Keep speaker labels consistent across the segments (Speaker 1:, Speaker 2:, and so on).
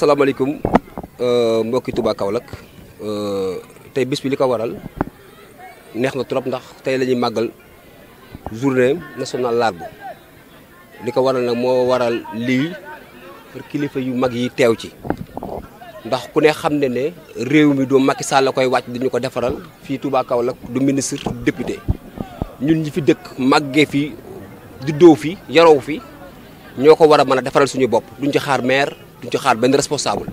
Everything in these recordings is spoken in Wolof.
Speaker 1: salaamaaleykum euh, mbokki kaw Kaolack euh, tey bis bi li ko waral neex na trop ndax tey lañuy màggal journée nationale l'arbre li ko waral nag moo waral lii kilifa yu mag yi teew ci ndax ku ne xam ne ne réew mi du Macky Sall la koy wàcc dañu ko defaral fii tubaa kaw Kaolack du ministre du député ñun ñi fi dëkk màggee fi juddoo fi yaroo fi ñoo ko war a mën a defaral suñu bopp duñ ci xaar maire duñ ci xaar benn responsable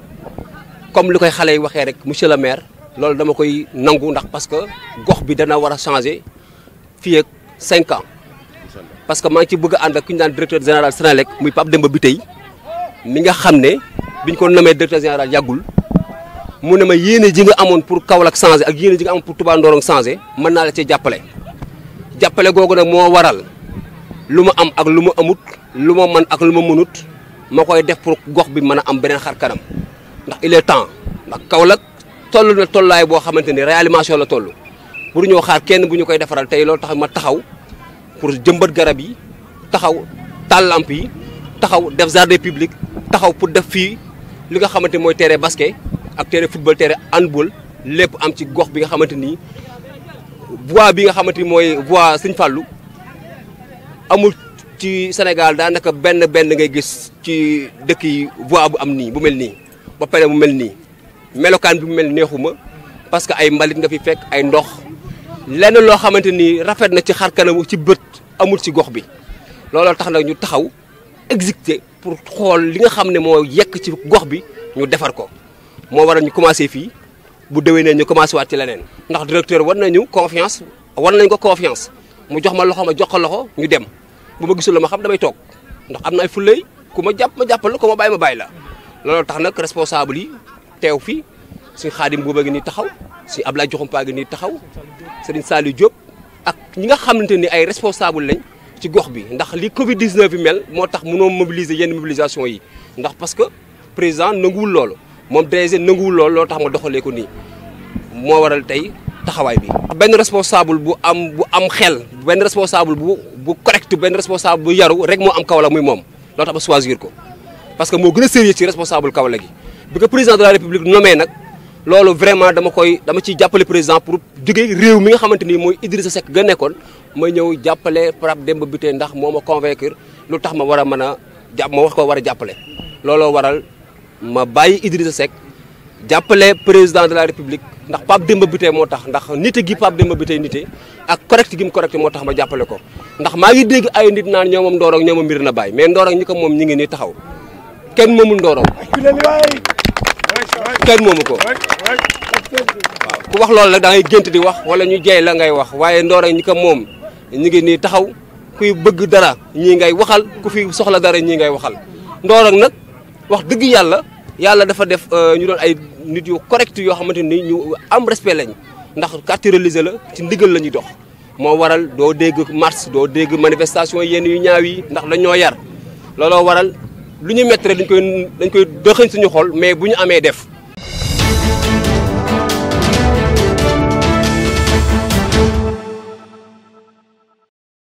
Speaker 1: comme lu koy xale yi waxee rek monsieur le maire loolu dama koy nangu ndax parce que gox bi dana war a changer fii cinq 5 ans. parce que maa ngi ci bëgg a ànd ak ku ñu naan directeur général Sénélec muy Pape Demba bi tey mi nga xam ne biñ ko namee directeur général yàggul mu ne ma yéene ji nga amoon pour Kaolack changé ak yéene ji nga amoon pour Touba Ndorong changé mën naa la cee jàppale. jàppale googu nag moo waral lu ma am ak lu ma amut lu ma man ak lu ma mënut. moo koy def pour gox bi mën a am beneen xar kanam ndax il est temps ndax Kaolack toll na tollaay boo xamante ni réanimation la toll pour ñoo xaar kenn bu ñu koy defaral tey loolu tax ma taxaw pour jëmbat garab yi taxaw tàllamp yi taxaw def jardin public taxaw pour def fii li nga xamante mooy terrain basket ak terrain football terrain handball lépp am ci gox bi nga xamante ni voie bi nga xamante ni mooy voie Sëñ Fallou amul ci Sénégal da naka benn benn ngay gis ci dëkk yi voix bu am nii bu mel nii ba pare mu mel nii melokaan bi mu mel neexuma parce que ay mbalit nga fi fekk ay ndox lenn loo xamante ni rafet na ci xar ci bët amul ci gox bi looloo tax nag ñu taxaw exécuter pour xool li nga xam ne moo yekk ci gox bi ñu defar ko moo waral ñu commencé fii bu déwénee ñu commencé waat ci leneen ndax directeur war nañu confiance war nañ ko confiance mu jox ma loxo ma jox ko loxo ñu dem bu ma gisul la ma xam damay toog ndax am na ay fullay ku ma jàpp ma jàppal la ku ma bàyyi ma bàyyi la looloo tax nag responsable yi teew fii suñ xaadim booba ngi nii taxaw suñ Ablaye Joxumpaa ngi nii taxaw sëriñ Saliou Diop ak ñi nga xamante ni ay responsable lañ ci gox bi ndax li Covid 19 bi mel moo tax mu mënoo mobiliser yenn mobilisation yi ndax parce que président nanguwul loolu moom DG nanguwul loolu loolu tax ma doxalee ko nii moo waral tey taxawaay bi. benn responsable bu am bu am xel benn responsable bu. bu correct benn responsable bu yaru rek moo am Kaolack muy moom loo tax ma choisir ko parce que moo gën a sérieux ci responsable Kaolack gi bi ko président de la république nommé nag loolu vraiment dama koy dama ciy jàppale président pour jóge réew mi nga xamante ni mooy Idrissa Seck ga nekkoon ma ñëw jàppale Pape Demba Bitèye ndax moo ma convaincre lu tax ma war a mën a jàpp ma wax ko war a jàppale looloo waral ma bàyyi Idrissa Seck jàppale président de la république ndax Pape Demba Bitèye moo tax ndax nite gi Pape Demba Bitèye nite ak correct gi mu correct moo tax ma jàppale ko ndax maa ngi dégg ay nit naan ñoomam Ndorong ñoomam mbir na bàyyi mais Ndorong ñi ko moom ñi ngi kenn moomul Ndorong kenn moomu ko waaw ku wax loolu la da ngay gént di wax wala ñu jey la ngay wax waaye Ndorong ñi ko moom ñi ngi nii taxaw kuy bëgg dara ñii ngay waxal ku fi soxla dara ñii ngay waxal Ndorong nag wax dëgg yàlla yàlla dafa def euh, ñu doon ay nit yu correct yoo xamante ni ñu am respect lañ ndax quartier religieux la ci ndiggal la ñuy dox moo waral doo dégg marche doo dégg manifestation yenn yu ñaaw yi ndax dañoo yar looloo waral lu ñu mettre dañ koy dañ koy dëxëñ suñu xol mais bu ñu amee def